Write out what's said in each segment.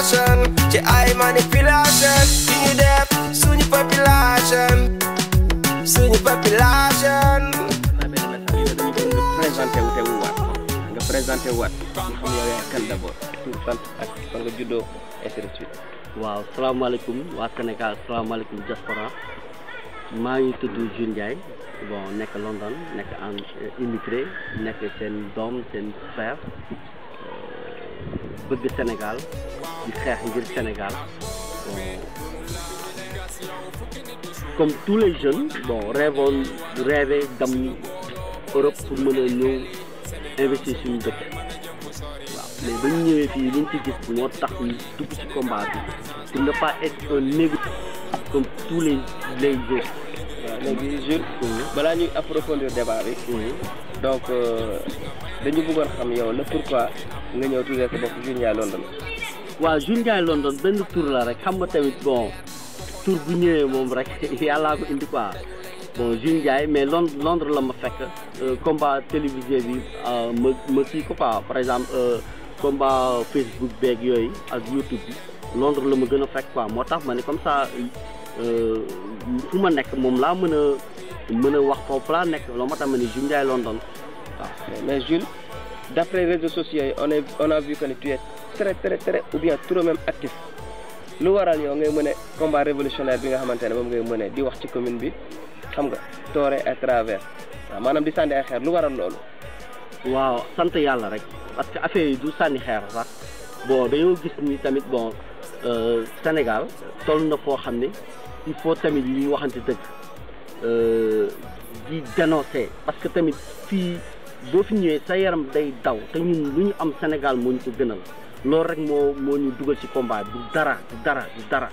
manipulation ci ay manipulation yu def suñu population suñu population. présenté wu waat nga présenté waat nga xam yow yaay kan d'abord waaw salaamaaleykum waa Sénégal salaamaaleykum diaspora maa ngi tudd Jules Ndiaye bon nekk London nekk en euh, immigré nekk seen doom seen frère. bëgg Sénégal di xeex ngir Sénégal comme tous les jeunes bon rêvoon rêvé dem Europe pour mën a ñëw investir suñu dëkk waaw mais ba ñu ñëwee fii liñ ci gis moo tax ñu dugg ci combat bi pour ne pas être un négociateur comme tous les les jeunes, waaw léegi jur balaa ñuy approfondir débat bi donc euh, dañu bëggoon xam pourquoi nga ñëw London. London tour la rek xam tamit bon bu rek ko indi quoi bon mais Londres la ma fekk. Euh, combat télévisé bi euh, par exemple combat Facebook beeg yooyu ak YouTube Londres la ma quoi comme ça fu mën a wax foofu laa nekk loolu moo tax ma ni Jules Ndiaye London waaw. Ah, mais Jules d'après réseaux sociaux yi on est on a vu que tu es très très très ou bien trop même actif lu waral yow ngay mën a combat révolutionnaire bi nga xamante ne moom ngay mën a di wax ci commune bi xam nga toore à travers waaw ah, maanaam di sànni ay xeer lu waral loolu. waaw sant yàlla rek parce que affaire yi du sànni xeer sax bon dañoo gis ni tamit bon euh, Sénégal toll na foo xam ne il faut tamit ñuy waxante dëgg. Euh, di dénoncer parce que tamit fii boo fi ñëwee sa yaram day daw te ñun lu ñu am Sénégal moo ñu ko gënal loolu rek moo moo ñu dugal ci combat du dara du dara du dara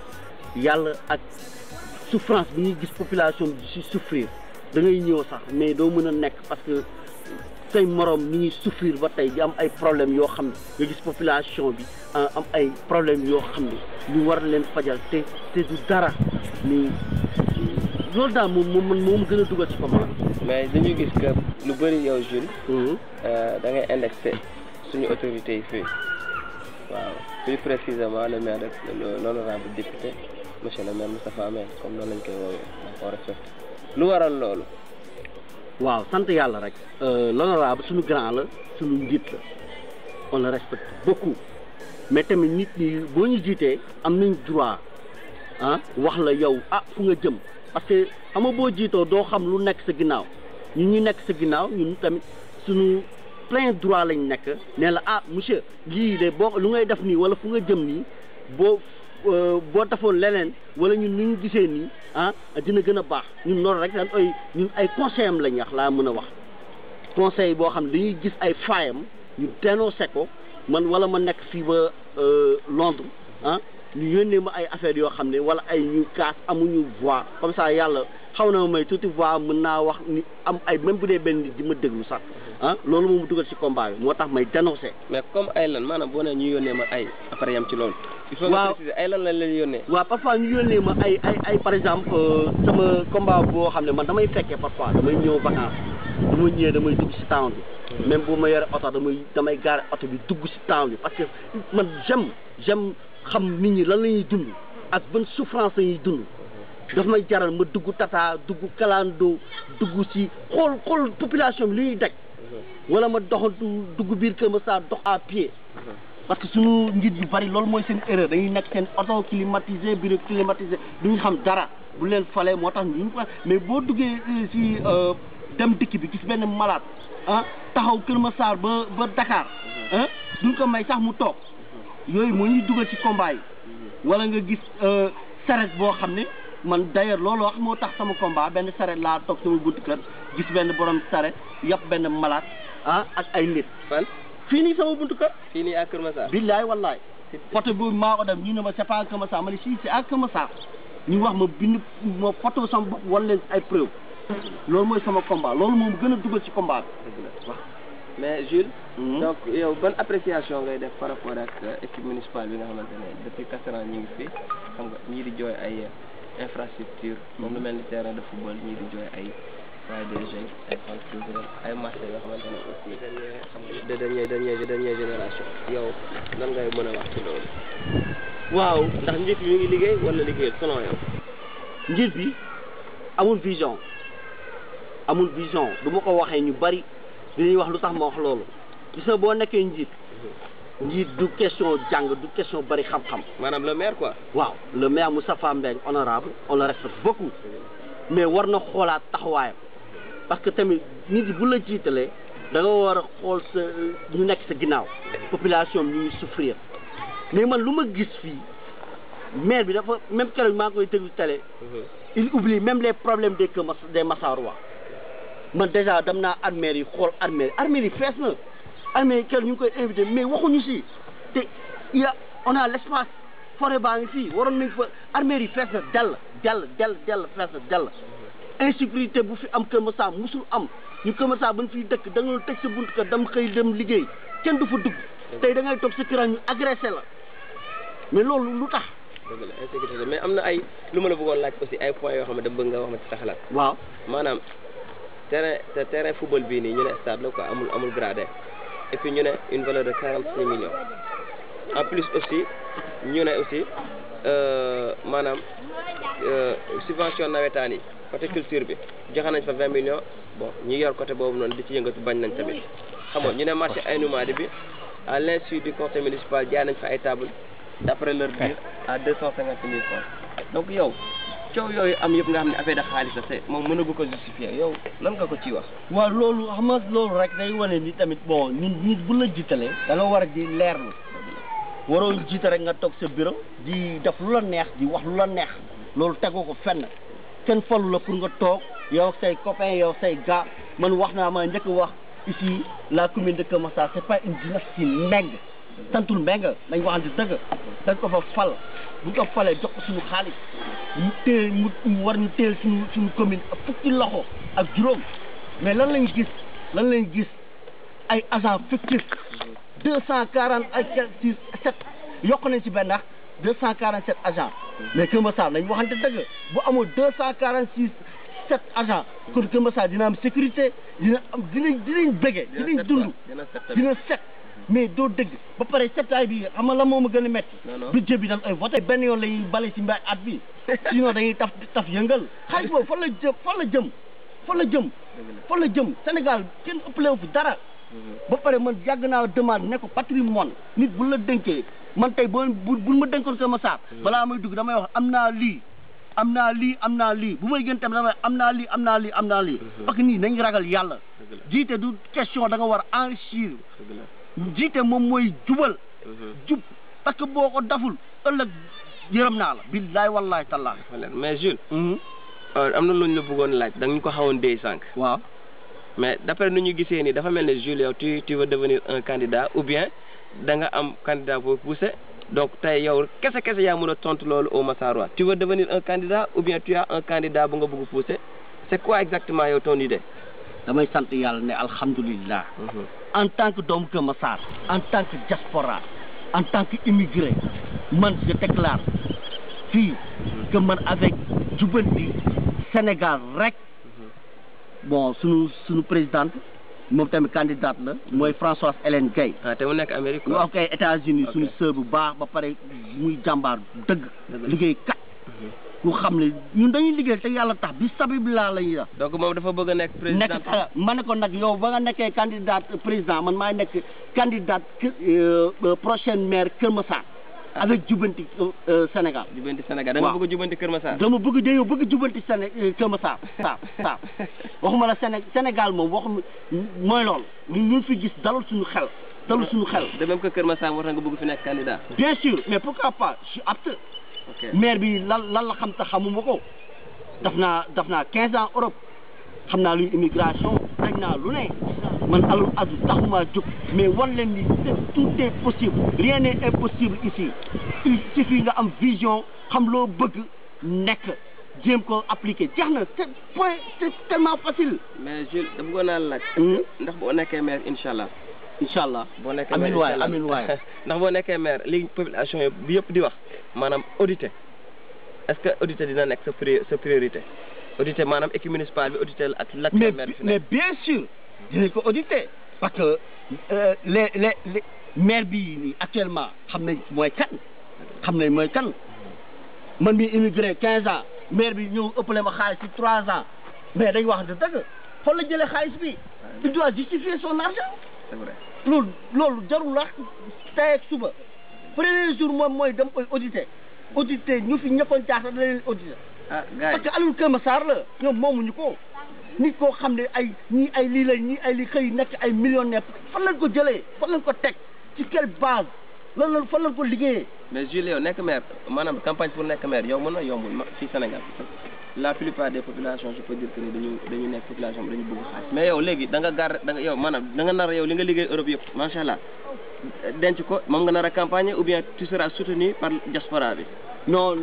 yàlla ak souffrance bi ñuy gis population bi ci souffrir da ngay ñëw sax mais doo mën a nekk parce que say moroom ñu ngi souffrir ba tey di am ay problèmes yoo xam ne nga gis population bi ah, am ay problèmes yoo xam ne ñu war leen fajal te du dara ni loolu daal moom moom man moom gën a dugal ci Pambal. mais dañu gis que lu bëri yow Jules. Mhm. Euh, da ngay indexé suñu autorités yi fii waaw plus précisément le maire de l'honorable député monsieur le maire Moustapha Amel comme noonu lañ koy woowee lu waral loolu. waaw sant yàlla rek. Euh, l'honorable suñu grand la suñu njiit la on le respecte beaucoup mais tamit nit boo ñu jiitee am nañ droit. ah ha? wax la yow ah fu nga jëm parce que xam nga boo jiitoo doo xam lu nekk sa ginnaaw ñun ñu nekk sa ginnaaw ñun tamit suñu plein droit lañ nekk ne la ah monsieur lii de boo lu ngay def nii wala fu nga jëm nii boo eh, boo defoon leneen wala ñun ñu gisee nii ha? ah dina gën a baax ñun noonu rek dañ ay ñun ay conseil am lañ wax laa mën a wax conseil boo xam dañuy gis ay faayam ñu teenoo seko man wala ma nekk fii ba eh, Londres ah ñu yónnee ma ay affaire yoo xam ne wala ay ñu kaas amuñu voix comme ça yàlla xaw na ma may tuuti voix mën naa wax ni am ay même bu dee benn di ma déglu sax ah loolu moom mu dugal ci combat bi moo tax may dénoncé. mais comme ay lan maanaam boo nee ñu yónnee ma ay après yam ci loolu. il faut nga lan lañ leen yónnee. waa parfois ñu yónnee ma ay ay par exemple euh, sama combat boo xam ne man damay fekkee parfois damay ñëw vacance. bu ma ñëwee damay dugg si temps bi même bu ma yore oto damay damay gaare oto bi dugg ci temps bi parce que man j'aime j'aime xam nit ñi lan la ñuy dund ak ban souffrance la ñuy dund daf may jaral ma dugg tata dugg kalandoo dugg si xool xool population bi li ñuy daj wala ma doxantu dugg biir kër ma saa dox à pied parce que suñu njiit yu bari loolu mooy seen erreur dañuy nekk seen auto climatisé bureau climatisé duñu xam dara bu leen falee moo tax mais boo duggee euh, euh, dem dikk bi gis benn malaat ah taxaw Kër Massar ba ba Dakar mhm. ah, duñ ko may sax mu toog mhm. yooyu moo ñuy dugal ci combat yi mhm. wala nga gis saret euh, boo xam ne man d'ailleurs loolu wax moo tax sama combat benn saret laa toog sama buntu kër gis benn borom saret yàpp benn malaat ah ak ay nit. fan fii nii sama buntu kër. fii nii ak Kër Massar. billaay wallaay. photo boobu maa ko dem ñu ne ma c'est pas à Kër Massar ma ne si c'est à Kër Massar ñu wax ma bind ma photo sama bopp wan leen ay preuve loolu mooy sama combat loolu moom gën a dugal ci combat mais Jules. Hmm? donc yow ban appréciation ngay def par rapport ak euh, équipe municipale bi nga xamante ne depuis quatre ans ñu ngi fi xam nga ñii di jooy ay infrastructure hmm. moom lu mel ni terrain de football ñii di jooy ay foyer des jeunes ay centre culturel ay marché yoo xamante ne aussi xam nga hmm. de dernier dernier dernière génération. yow lan ngay mën a wax ci loolu. waaw ndax njiit bi mi ngi liggéey wala liggéeyal selon yow. njiit bi amul vision. amul vision du ma ko waxee ñu bari dañuy wax lu tax ma wax lolu gis nga boo nekkee njit njiit du question jang du question bari xam-xam. manam le maire quoi. waaw le maire Moustapha Mbeng honorable on le respecte beaucoup mais warna na xoolaat taxawaayam parce que tamit nit bu la jiitalee da nga war xol xool sa ñu nekk sa ginnaaw population ñuy souffrir mais man luma gis fi maire bi dafa même keroog maa koy déglu télé. Mhm. il oublie même les problèmes des des Massarois. man dèjà dem naa armée yi xool armée armée yi fees na armée kenn ñu koy invité mais waxuñu si te il y a on a l' espace baa ngi fii waroon nañ fa armée yi fees na dell dell dell dell fees na dell insécurité bu fi am Kër Masar musul am ñu Kër Masar ba ñu fiy dëkk da nga doon teg sa bunt ka dem xëy dem liggéey kenn du fa dugg tey da ngay toog sa kër ñu agressé la mais loolu lu tax. dëgg la insécurité mais am na ay lu ma la bëggoon laaj aussi ay points yoo xam ne dama bëgg nga wax ma ci sa laa waaw maanaam. terrain te terrain football bii nii ñu ne stade la quoi amul amul gradé et puis ñu ne une valeur de quarante six millions en plus aussi ñu ne aussi euh, maanaam euh, subvention nawetaan yi côté culture bi joxe nañ fa vingt millions bon ñi yor côté boobu noonu di ci yëngatu bañ nañ tamit xam nga ñu ne marché Ainoumady bi à l'insu du conseil municipal jaay nañ fa ay table d'après leur dire à des cent cinquante mille francs donc yow coow yooyu am yëpp nga xam ne affaire de xaalis la te moom mënagu ko justifier yow lan nga ko ciy wax. waaw loolu xam nga loolu rek day wane ni tamit bon nit nit bu la jiitalee. da nga war a di leerlu. waroon jiite rek nga toog sa bureau. di def lu la neex di wax lu la neex. loolu tegu ko fenn. kenn falu la pour nga toog yow say copain yow say gars man wax naa ma njëkk wax ici la commune de ma Massar c'est pas une dynastie Mbengue santul Mbengue waxante dëgg dañ ko bu ñu ko falee jox ko xaalis mu téye mu war ñu téye suñu suñu commune ak fukki loxo ak juróom mais lan lañ gis lan lañ gis ay agents fictifs deux cent quarante ak sept yokk nañ ci benn deux cent quarante sept agents mais Kër Massar nañ waxante dëgg bu amul deux cent quarante six sept agents kon Kër dina am sécurité dina am dinañ dinañ bëgge dinañ dund dina set mais doo dëgg ba pare septaay bi xam nga la moom a gën a métti budget bi dañ ay voté benn yoon lañuy bale ci mbay at bi sinon dañuy taf taf yëngal xaalis boobu fan la jëm fan jëm fan jëm fan jëm Sénégal kenn ëppale wu fi dara mm-hmm. ba pare man yàgg naa demande ne ko moon nit bu la dénkee man tey boo bu ma dénkoon sama saak mm-hmm. balaa may dugg damay wax am naa lii am naa lii am naa lii bu may gën tamit damay am naa lii am naa lii am naa lii mm-hmm. parce que nii nañ ragal yàlla jiite du question da nga war a enrichir jiite moom mooy jubal mhm. jub parce que boo ko daful ëllëg yërëm naa la billaay wallaay tallaay mais Jules mhm. euh, am na lu la buggoon laaj da ñu ko xawoon dee sànq waaw mais d'après nu ñu gisee nii dafa mel ne Jules yow tu tu veux devenir un candidat ou bien da nga am candidat boo poussé donc tey yow kese kese yaa mën a tontu loolu au Massarois tu veux devenir un candidat ou bien tu as un candidat bu nga bëgg poussé c'est quoi exactement yow ton idée damay sant yàlla ne alhamdulilah. Mhm. en tant que doomu Kër Massar. en tant que diaspora en tant que immigré man je déclare fii mhm. que avec Jubanti Sénégal rek mhm. bon sunu sunu présidente moom tamit candidate la mooy Françoise Hélène Guèye. ah te mu nekk Amérique quoi. ok États-Unis suñu sœur bu baax ba pare muy jàmbaar dëgg. liggéey kat. ku xam ne ñun dañu liggéey te yàlla tax bi sabib laa la ñuy def. donc moom dafa bëgg a nekk président nekk ma ne ko nag yow ba nga nekkee candidat président man maay nekk candidat euh, euh, prochaine maire Kër Massar. avec ah. jubanti euh, Sénégal. jubanti Sénégal da nga bëgg a jubanti Kër Massar. dama bëgg de yow bëgg jubanti Séné Kër Massar saa saa waxuma la Séné Sénégal moom waxuma mooy loolu ñun ñu fi gis dalul suñu xel. dalul suñu xel. de même que Kër Massar war na nga bëgg fi nekk candidat. bien sûr mais pourquoi pas je maire bi lan lan la xam te xamuma ko daf naa daf naa quinze ans Europe xam naa luy immigration daj naa lu ne man alul adu taxumaa jóg mais wan leen ni tout est possible rien n'est impossible ici il suffit nga am vision xam loo bëgg nekk jéem ko appliqué jeex na c'est point c'est tellement facile mais Jules dama ko naan laaj hmm? ndax boo nekkee maire incha allah incha allah boo nekkee maire amiin waay amiin waay ndax boo nekkee maire li population yëpp di wax maanaam auditer est-ce que auditer dina nekk sa sa priorité auditer maanaam équipe municipale bi auditer ak l'actuel maire mais bien sûr dinañ ko auditer parce que euh, les les les maire bii nii actuellement xam nañ mooy kan xam nañ mooy kan man mi immigré quinze ans maire bi ñëw ëppale ma xaalis ci trois ans mais dañ wax dëgg xool la jëlee xaalis bi il doit justifier son argent c'est vrai loolu loolu jarul wax suba premier jour moom mooy dem audité audité ñu fi ñëppoon jaaxle da leen audité ah parce que alul kër ma saar la ñoom moomuñu ko nit koo xam ay ñii ay lii la ñii ay lii xëy nekk ay millionnaire fan lañ ko jëlee fan lañ ko teg ci quel base lan la fan lañ ko liggéeyee mais Julio nekk maire maanaam campagne pour nekk maire yow mën yombul si Sénégal la plupart des populations je peux dire que ni dañu nekk population bi dañu bëgg xaalis mais yow léegi danga nga danga da nga yow maanaam da nga nar yow li nga liggéey Europe yëpp macha denc ko moom nga nar a campagne ou bien tu seras soutenu par diaspora bi. non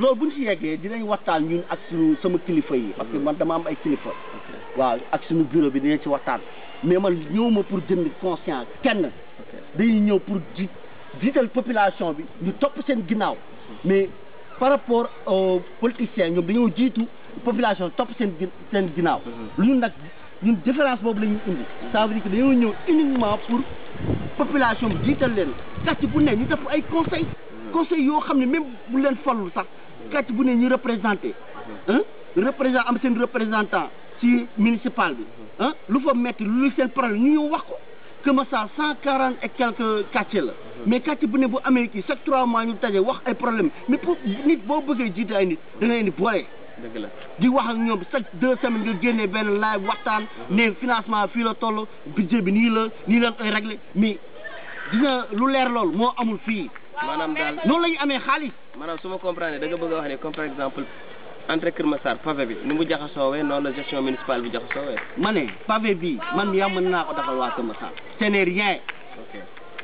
loolu bu ñu si yeggee dinañ waxtaan ñun ak suñu sama kilifa yi. parce que man dama am ay kilifa. waaw ak suñu bureau bi dinañ si waxtaan. mais man ñëwuma pour jënd conscience kenn. dañuy ñëw pour di jiital population bi ñu topp ginnaaw par rapport aux politiciens ñoom dañoo jiitu que topp seen seen ginnaaw. ñun mhm. nag ñun différence boobu la indi. ça veut dire que dañoo ñëw uniquement pour population bi jiital leen kàcc bu ne ñu def ay conseil mhm. conseil yoo xam ne même bu leen falul sax kàcc bu ne ñu représenté. Mhm. représent am seen représentant ci municipal bi. lu fa metti lu seen problème ñu wax ko. commencé à 140 et quelques quartiers. Mais quand tu venais pour l'Amérique, sectoralement, nous avons eu des problèmes. Mais pour les gens qui ont dit que nous avons eu des problèmes. di wax ak ñoom chaque deux semaines nga génne benn live waxtaan ne financement fii la toll budget bi nii la nii eh, la koy régler mais dina lu leer loolu moo amul fii maanaam daal noonu la ñuy amee xaalis maanaam su ma comprendre da nga bëgg a wax ne comme par exemple entre Kër Massar pavé bi ni mu jaxasoowee noonu la gestion municipale bi jaxasoowee. ma ne pavé bi man mii mën naa ko defal waa Kër Massar. ce rien.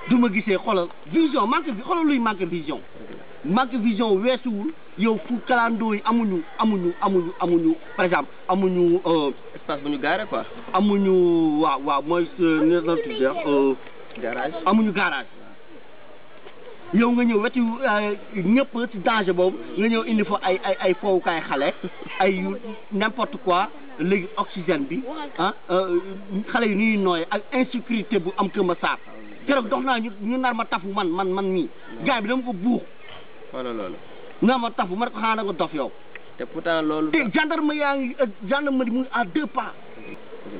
du ma gisee xoolal vision manque bi xoolal luy manque vision. manque vision weesuwul yow fu kalandoo yi amuñu amuñu amuñu amuñu par exemple amuñu. Euh, espace bu ñu garé quoi. amuñu waaw waaw mooy euh, nu ñu euh, garage amuñu garage. yow nga ñëw wetu euh, ñëpp ci danger boobu nga ñëw indi fa ay ay ay fowukaay xale ay yu léegi oxygène bi ah euh, xale yu ñuy nooye ak insécurité bu am Kër Masar keroog dox naa ñu ñu nar ma tafu man man man mii gars bi dama ko buux. wala loolu. nar ma tafu man ko xanaa nga dof yow. te pourtant loolu. te gendarme yaa ngi euh, gendarmerie mu à deux pas.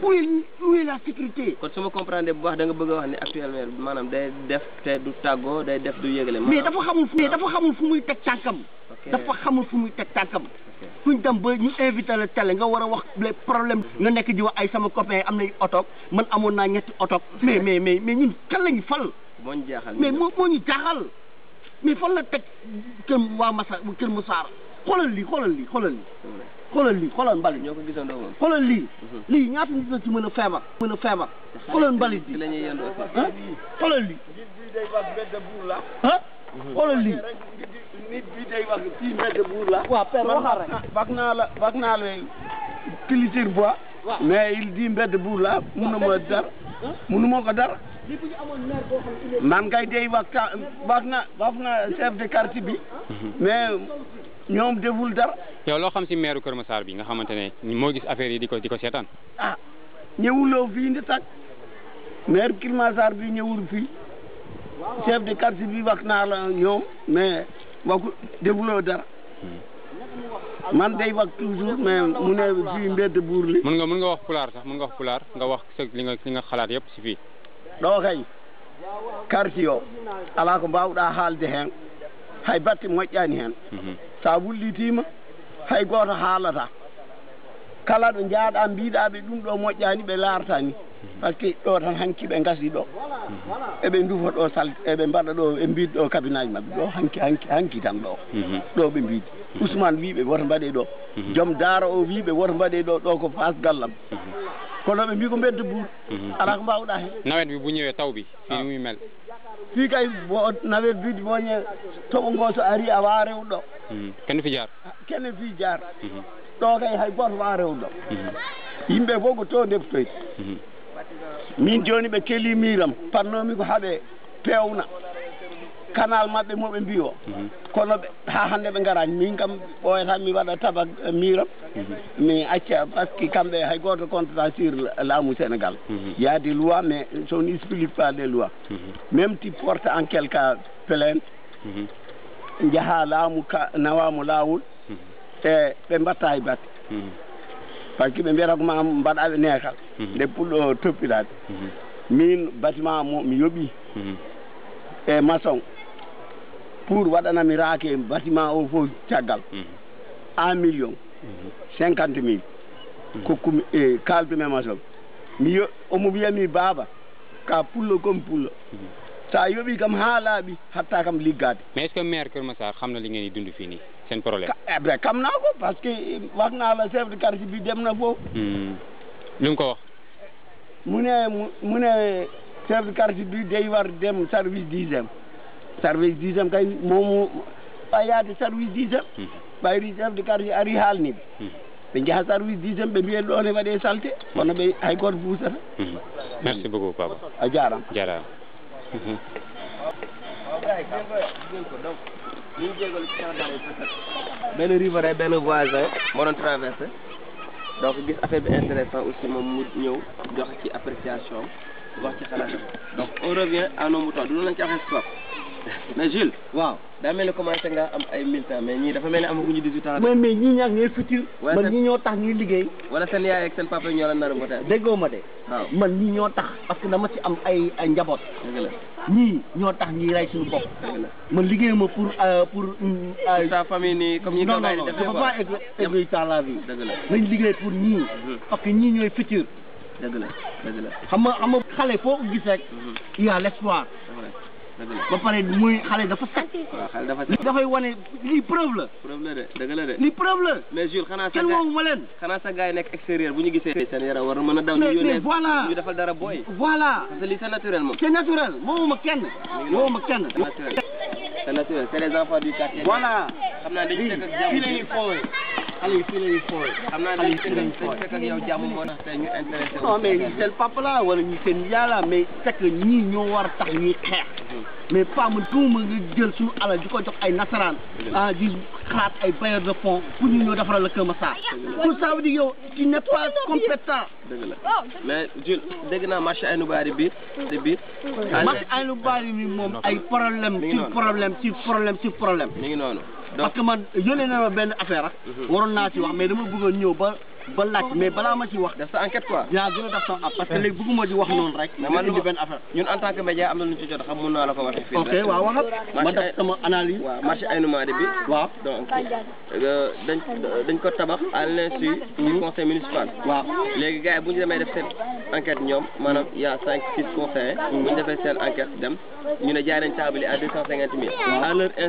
où est où est la sécurité. kon su comprendre bu baax da nga bëgg a wax ne actuellement maanaam day def te du tàggoo day def du yëgale. mais dafa xamul fu mais dafa fu muy teg tànkam. dafa xamul fu muy teg tànkam. fuñ dem ba ñu invité la télé nga war a wax les problèmes mhm. nga nekk di wax ay sama copain am nañ otoog man amoon naa ñetti otoog. mais mais mais mais ñun kan lañu fal. moo ñu jaaxal mais moo moo ñu jaaxal mais fan la teg kër waa Massa kër Moussa. xoolal lii xoolal lii xoolal lii xoolal lii xoolal mbalit ñoo ko gisandoo moom xoolal lii mhm. lii ñaata nit la ci mën a feebar mën a feebar xoolal mbalit bi lañuy yendu xoolal lii ah xoolal lii bi day wax fii ah? bag naa la bag naa la culture bois mais il dit mbedd buur la mun na ma dar munu moo ko dara man kay dey wax wax na wax na chef de quartier bi mais ñoom deful dara yow loo xam si maire Kër Massar bi nga xamante ne moo gis affaire yi di ko di ko seetaan ah ñëwuloo fii ndi tak maire Kër Massar bi ñëwul fii chef de quartier bi wax naa la ñoom mais waxu defuloo dara man day wax toujours mais mu ne fii mbedd buur li mun nga mun nga wax pulaar sax mun nga wax pulaar nga wax sa li nga li nga xalaat yëpp si fii doo kay quartier yo alaa ko mbaawɗaa haalde heen hay batte moƴƴaani heen mhm. so a wullitiima hay gooto haalataa kala ɗo njaaɗaa mbiiɗaa ɓe ɗum ɗoo moƴƴaani ɓe laarataa nii par ce que ɗo tan hanki ɓe gasi ɗo eɓe dufa ɗo sal eɓe mbaɗa ɗo ɓe mbiɗ ɗo cabinage maɓɓe ɗo hanki hanki hanki tan ɗo ɗo ɓe mbiɗi ousmane wiɓe woto mbaɗe ɗo joom daaro o wiɓe woto mbaɗe ɗo ɗo ko fasgallam kono ɓe mbi ko mbedde buur ala ko mbawɗa hen nawet bi buñewe tawɓi fiumimel fi ah. kay nawet bidi boñe toɓo ngo so ari awa rewɗo ɗo hmm. kene fi jaar ah, kene fi jaar hmm. ɗo kay hay goto wa rewɗo ɗo hmm. yimɓe fof ko to deftoyde min joni ɓe keeli miram pannomi ko haaɓe pewna canal maɓɓe moɓe mbi o mhm. kono ha hande ɓe garani min kam ɓoyata mi waɗa taba eh, miram mhm. mi acca par ce que kamɓe hay goto contata sur laamu sénégal mhm. yaadi loi mais son explique pas des lois même ti porte en quelque plainte jaaha laamu nawamo lawol e eh, ɓe mbatta e batte Fak ki mwen mwen akouman mwen bat ave nè akal, mhm. de poulo te pilat. Mhm. Min basman mwen miyo bi, mhm. e masan, pou wad anamirake basman oufou chagal, an milyon, senkante mil, e, kalpe mwen masan. Miyo, omoubyen mi baba, ka poulo kom poulo. saa yoo bii kam haala bi hatta kam liggaade mais est ce que maire Kër Massar xam na li ngeen di dund fii nii seen problème après xam naa ko parce que wax naa la chef de quartier bi dem na foofu lu mu ko wax mu ne mu ne chef de quartier bi day war dem service dixième service dixième kay moomu ɓayaade service dixième ri chef de quartier ari haalni ɓe ɓe njaha service dixième ɓe mbiyen ɗon ne waɗe salté kono ɓe hay goto buusata merci beaucoup papa a jarama jarama Mm-hmm. benn riverain benn voisin moo doon traversé donc gis affaire bi intéressant aussi moom mu ñëw joxe ci appréciation wax ci xalaatam donc on revient à nos moutons du stop mais Jules waaw daa mel ni commencé nga am ay militants mais ñii dafa mel ni amaguñu 18 ans. mais mais ñii ñaar ñooy futur. man ñii ñoo tax ñuy liggéey. wala seen yaay ak seen papa ñoo la nar a voté. déggoo ma de. waaw man ñii ñoo tax parce que dama ci am ay ay njaboot. dëgg la ñii ñoo tax ñuy rey suñu bopp. dëgg la man liggéey ma pour euh, euh, pour. sa famille nii comme ñi ko bàyyi defee non non dafa pas égoïste dans la vie. dëgg la nañ liggéey pour ñii. Mhm. parce que ñii ñooy futur. dëgg la dëgg la xam nga xam nga xale foo ko gis rek. Mhm. il y a l'espoir. ba pare muy xale dafa set. Ah, xale dafa set dafay wane lii preuve la. preuve la de la de. lii preuve la. xanaa sa gars kenn woowuma leen. xanaa sa gars yi nekk bu ñu gisee. seen war na mën a daw ñu yónnee ñu defal dara boy voilà parce que lii c'est naturel moom. c'est naturel moomuma kenn. moomuma kenn. c'est naturel c'est les enfants du quartier. voilà xam naa dañuy fekk ak jàmm xale yi fii la ñuy fooy. xam naa dañu fekk ak yow jàmm moo tax la wala ñu seen yàlla mais ñoo war a tax mm-hmm. mais pas mu tuuma nga di ko ay nasaraan. Mm-hmm. ah ay bailleurs de fonds pour ñu ñëw defaral la yow tu n'es pas compétent. dëgg la mais Jules dégg naa marché Aynou Bari bi di biir. marché Aynou Bari bi moom ay problème ci problème ci problème ci problème. mi ngi parce que man yónnee na benn affaire mhm. waroon naa ci wax mais dama bëggoon ñëw ba ba laaj mais balaa ma ci wax. def sa enquête quoi. yaa gën a def sa parce que léegi bëgguma di wax noonu rek. mais man indi benn affaire ñun en tant que média am na lu ñu ci jot xam mun naa la ma def sama analyse. waaw marché bi. waaw donc dañ dañ ko tabax à l'insu du conseil municipal. waaw léegi gars yi bu ñu demee def seen enquête ñoom man a cinq six conseillers. Mm. bu ñu defee seen enquête dem ñu ne jaay nañ table yi à deux cent cinquante mille. à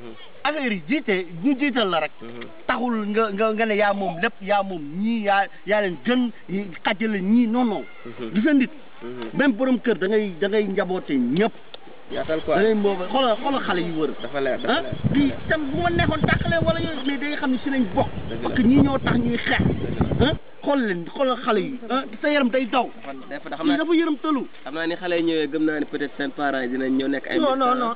affaire yi jiite ñu la rek. Mhm. taxul nga nga yaa moom lépp yaa moom ñii yaa yaa leen gën xajale ñii non non. Mhm. du sa nit. Mhm. même borom kër da ngay da ngay njaboote ñëpp. yaatal quoi da ngay mboobaa xoolal xale yu wër. dafa leer dafa ah, leer ah di tam bu ma neexoon tàqalee wala ne si lañ bokk. parce que ñii ñoo tax ñuy xeex. ah xool leen xoolal xale yi ah sa yaram day daw. dafa dafa yërëm tëlu. xam naa ni xale yi ñëwee gëm naa ne peut-être seen parents nekk. ay non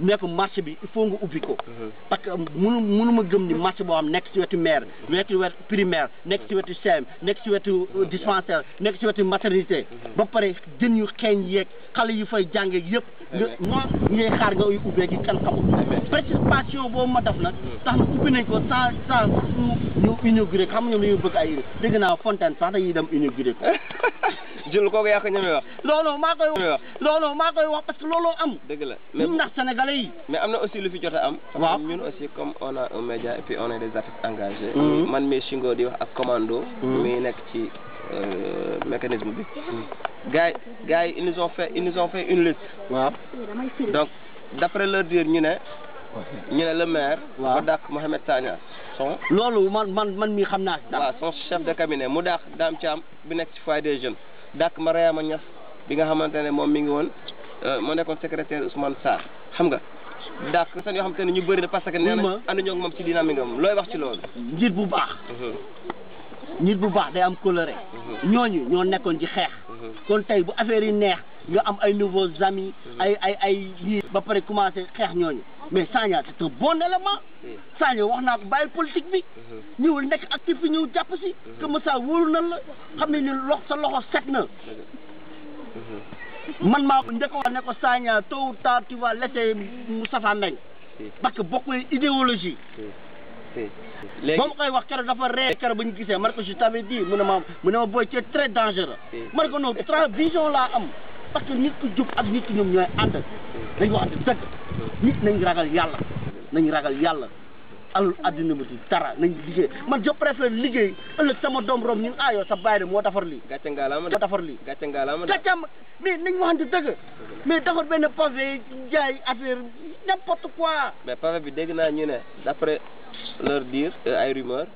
ne ko marché bi il faut nga ubbi ko. Mhm. parce que munu munu ma gëm ni marché boo xam nekk ci wetu maire. nekk ci wetu primaire nekk ci wetu CM nekk ci wetu euh, dispensaire nekk ci wetu maternité. Mhm. ba pare jën yu xeeñ yeeg xale yu fay jàngee yëpp. non ñooy xaar nga uy ubbee gi kan ma def nag. Mhm. tax na ubbi nañ ko sans sans ñu inauguré ko xam nga ñoom dañoo bëgg ay dégg naa fontaine sax dañuy dem inauguré ko. jël kooku yaa ko ñemee wax. looloo maa koy wax. looloo maa koy wax parce que looloo am. dëgg ndax mais am na aussi lu fi jot a am. waaw ñun aussi comme on a un média et puis mm-hmm. man mii Shingo di wax ak commando. Mm-hmm. mi nekk ci euh, mécanisme bi. Mm-hmm. yi gars yi ils nous donc d' leur dire ñu ne. ñu ne le maire. waaw mu dàq Mohamed Sagna son. loolu man man man mii xam naa. waaw son chef de cabinet mu dàq Dame Thiam bi nekk ci foyer des jeunes dàq Mariama Niass bi nga xamante ne moom mi ngi woon. Euh, moo nekkoon secrétaire Ousmane Sarr xam nga. dàq personnes yoo xam te ne ñu bëri na parce que nee na ànduñoo ak moom ci dynamique am looy wax ci loolu. njiit bu baax. Mhm. njiit bu baax day am coloré. Mhm. ñoo nekkoon ci xeex. Mhm. kon tey bu affaire yi neex nga am ay nouveaux amis. ay ay ay ba pare commencé xeex ñooñu mais Sagna c'est un bon élément. wax naa ko bàyyi politique bi. ñëwul nekk actif bi ñëw jàpp si. que la xam ne ni lox sa loxo set na. man maa ko njëkk saa ne ko Sagna tôt ou tard tu vas laisser Moustapha Mbengue parce que bokk nañ idéologie léegi ba ma koy wax keroog dafa ree kere ba ñu gisee man ko je t'avais dit mu ne ma mu ne ma booy c'est très dangereux man ko non tra vision laa am parce que a ku jub ak nit ku ñoom ñooy ànd nañ waxante dëgg nit nañ ragal yàlla nañ ragal yàlla alal addina ma di dara nañ liggéey man je préfère liggéey ëllëg sama doom rom ñu aayoo ah sa bàyyi de moo defar lii gàcce ngaalaama moo defar lii gàcce ngaalaama gàccaam mais nañ waxante dëgg mais defar benn pavé jaay affaire n'importe quoi mais pavé bi dégg naa ñu ne d'après leur dire euh, ay rumeur